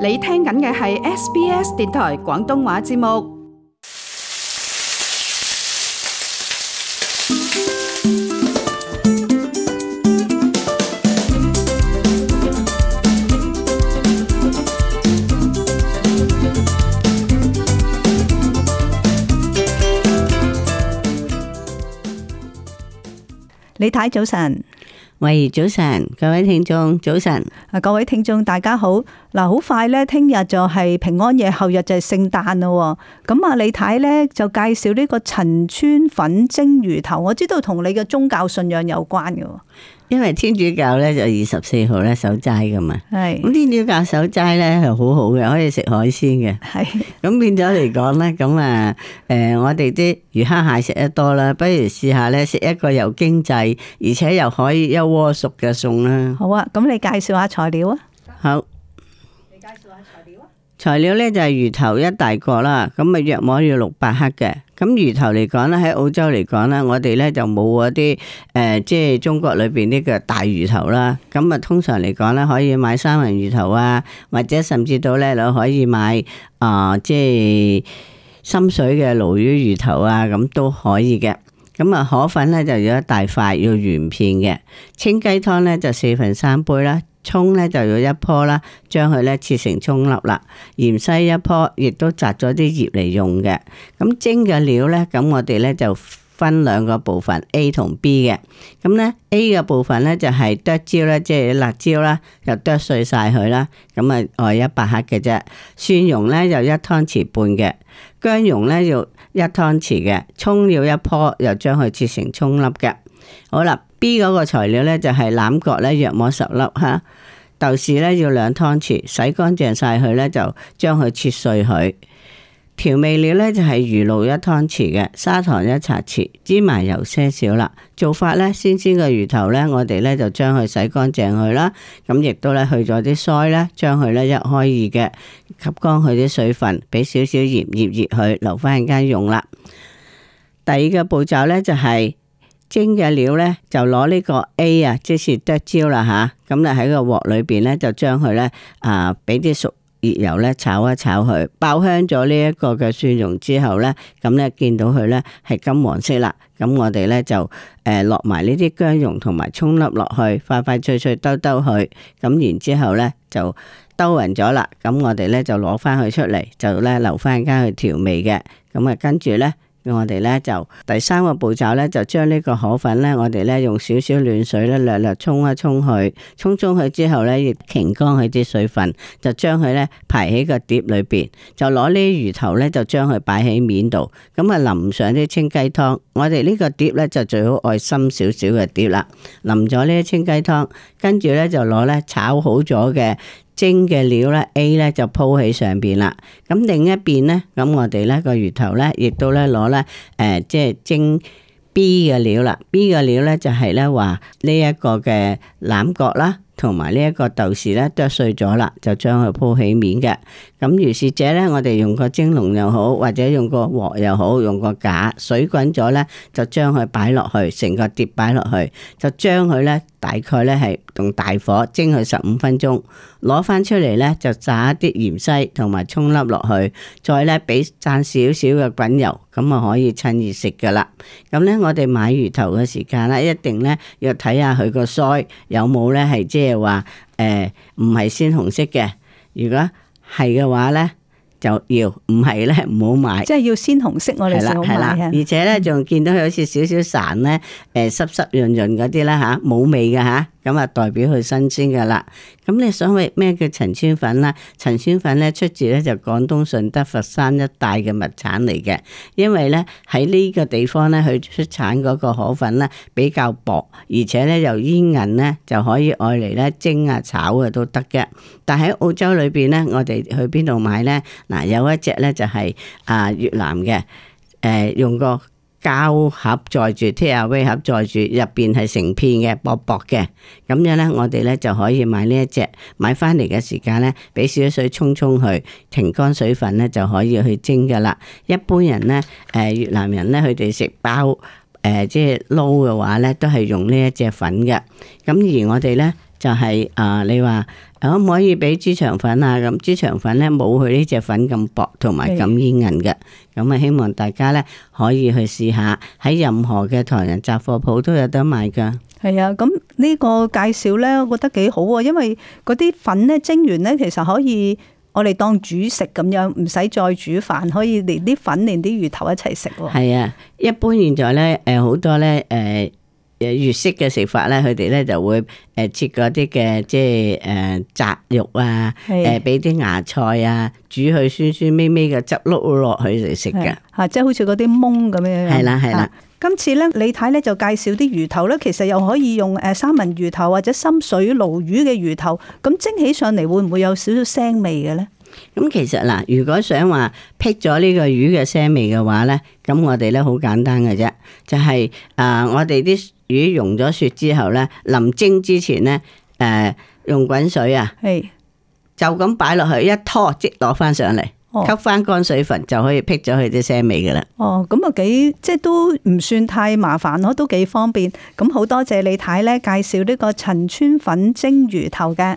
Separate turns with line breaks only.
你聽緊嘅係 SBS 電台廣東話節目。李太，早晨。喂，早晨，各位聽眾，早晨。嗱，各位聽眾，大家好。嗱，好快咧，聽日就係平安夜，後日就係聖誕咯。咁啊，李太咧就介紹呢個陳村粉蒸魚頭，我知道同你嘅宗教信仰有關嘅，
因為天主教咧就二十四號咧守齋噶嘛，
係咁的天主教守齋咧
係好好嘅，可以食海鮮嘅。係咁的變咗嚟講咧，咁啊，誒，我哋啲魚蝦蟹食得多啦，不如試下咧食一個又經濟，而且又可以有。鍋熟嘅餸啦，好
啊，咁你介紹下材料啊？
好，你介紹下材料啊？材料咧就係魚頭一大個啦，咁啊約莫要六百克嘅。咁魚頭嚟講咧，喺澳洲嚟講咧，我哋咧就冇嗰啲誒，即係中國裏邊呢個大魚頭啦。咁啊，通常嚟講咧，可以買三文魚頭啊，或者甚至到咧你可以買啊，即係深水嘅鱸魚魚頭啊，咁都可以嘅。咁啊，河粉呢就要一大塊要圓片嘅，清雞湯呢就四分三杯啦，葱呢就要一樖啦，將佢呢切成葱粒啦，芫茜一樖，亦都摘咗啲葉嚟用嘅。咁蒸嘅料呢，咁我哋呢就。分兩個部分 A 同 B 嘅，咁咧 A 嘅部分咧就係剁椒咧，即係辣椒啦，又剁碎晒佢啦，咁啊，外一百克嘅啫，蒜蓉咧就一湯匙半嘅，薑蓉咧要一湯匙嘅，蔥要一棵，又將佢切成蔥粒嘅。好啦，B 嗰個材料咧就係欖角咧，約莫十粒吓，豆豉咧要兩湯匙，洗乾淨晒佢咧就將佢切碎佢。調味料呢，就係、是、魚露一湯匙嘅，砂糖一茶匙，芝麻油些少啦。做法呢，鮮鮮嘅魚頭呢，我哋呢就將佢洗乾淨佢啦，咁亦都呢，去咗啲腮啦，將佢呢一開二嘅，吸乾佢啲水分，俾少少鹽腌一腌佢，留翻陣間用啦。第二個步驟呢，就係、是、蒸嘅料呢，就攞呢個 A 啊，即是剁椒啦吓，咁咧喺個鑊裏邊呢，就將佢呢，啊俾啲熟。熱油咧炒一炒佢，爆香咗呢一個嘅蒜蓉之後咧，咁咧見到佢咧係金黃色啦，咁我哋咧就誒落埋呢啲姜蓉同埋葱粒落去，快快脆脆兜兜佢，咁然之後咧就兜匀咗啦，咁我哋咧就攞翻佢出嚟，就咧留翻家去調味嘅，咁啊跟住咧。我哋咧就第三個步驟咧，就將呢個河粉咧，我哋咧用少少暖水咧，略略沖一沖去，沖沖去之後咧，要晾乾佢啲水分，就將佢咧排喺個碟裏邊，就攞呢魚頭咧，就將佢擺喺面度，咁啊淋上啲清雞湯。我哋呢個碟咧就最好愛深少少嘅碟啦，淋咗呢啲清雞湯，跟住咧就攞咧炒好咗嘅。蒸嘅料咧，A 咧就鋪喺上邊啦。咁另一邊咧，咁我哋咧個魚頭咧，亦都咧攞咧，誒、呃，即係蒸 B 嘅料啦。B 嘅料咧就係咧話呢一個嘅欖角啦，同埋呢一個豆豉咧剁碎咗啦，就將佢鋪起面嘅。咁如是者咧，我哋用個蒸籠又好，或者用個鑊又好，用個架水滾咗咧，就將佢擺落去，成個碟擺落去，就將佢咧。大概咧係用大火蒸佢十五分鐘，攞翻出嚟咧就炸一啲芫茜同埋蔥粒落去，再咧俾盞少少嘅滾油，咁啊可以趁熱食噶啦。咁咧我哋買魚頭嘅時間咧，一定咧要睇下佢個腮有冇咧係即係話誒唔係鮮紅色嘅，如果係嘅話咧。就要唔係咧，唔好買。即係
要鮮紅色我哋先好買。而
且咧仲、嗯、見到佢有少少殘咧，誒濕濕潤潤嗰啲啦，冇味噶。咁啊，代表佢新鮮嘅啦。咁你想喂咩叫陳村粉呢？陳村粉咧出自咧就廣東順德佛山一帶嘅物產嚟嘅。因為咧喺呢個地方咧，佢出產嗰個河粉咧比較薄，而且咧又煙韌咧就可以愛嚟咧蒸啊炒啊都得嘅。但喺澳洲裏邊咧，我哋去邊度買咧？嗱，有一隻咧就係、是、啊越南嘅誒用過。呃用膠盒載住，takeaway 盒載住，入邊係成片嘅，薄薄嘅，咁樣呢，我哋呢就可以買呢一隻，買翻嚟嘅時間呢，俾少少水沖沖去，停乾水分呢就可以去蒸噶啦。一般人呢，誒越南人呢，佢哋食包，誒即係撈嘅話呢，都係用呢一隻粉嘅。咁而我哋呢。就係、是、啊！你話可唔可以俾豬腸粉啊？咁豬腸粉咧冇佢呢隻粉咁薄同埋咁煙韌嘅，咁啊是的 希望大家咧可以去試下，喺任何嘅唐人雜貨鋪都有得賣㗎。係啊，
咁呢個介紹咧，我覺得幾好啊，因為嗰啲粉咧蒸完咧，其實可以我哋當煮食咁樣，唔使再煮飯，可以連啲粉連啲魚頭一齊食喎。係
啊，一般現在咧誒好多咧誒。呃越式嘅食法咧，佢哋咧就會誒切嗰啲嘅即係誒扎肉啊，誒俾啲芽菜啊煮去酸酸咪咪嘅汁碌落去嚟食㗎，吓
即係好似嗰啲檬咁樣。係啦係啦，今次咧李太咧就介紹啲魚頭咧，其實又可以用誒三文魚頭或者深水鱸魚嘅魚頭，咁蒸起上嚟會唔會有少少腥味嘅咧？
咁、嗯、其實嗱，如果想話辟咗呢個魚嘅腥味嘅話咧，咁我哋咧好簡單嘅啫，就係、是、啊、呃、我哋啲。魚溶咗雪之後咧，淋蒸之前咧，誒、呃，用滾水啊，是就咁擺落去一拖，即係攞翻上嚟，吸翻乾水分，哦、就可以辟咗佢啲腥味噶啦。
哦，咁啊幾，即係都唔算太麻煩咯，都幾方便。咁好多謝李太咧介紹呢個陳村粉蒸魚頭嘅。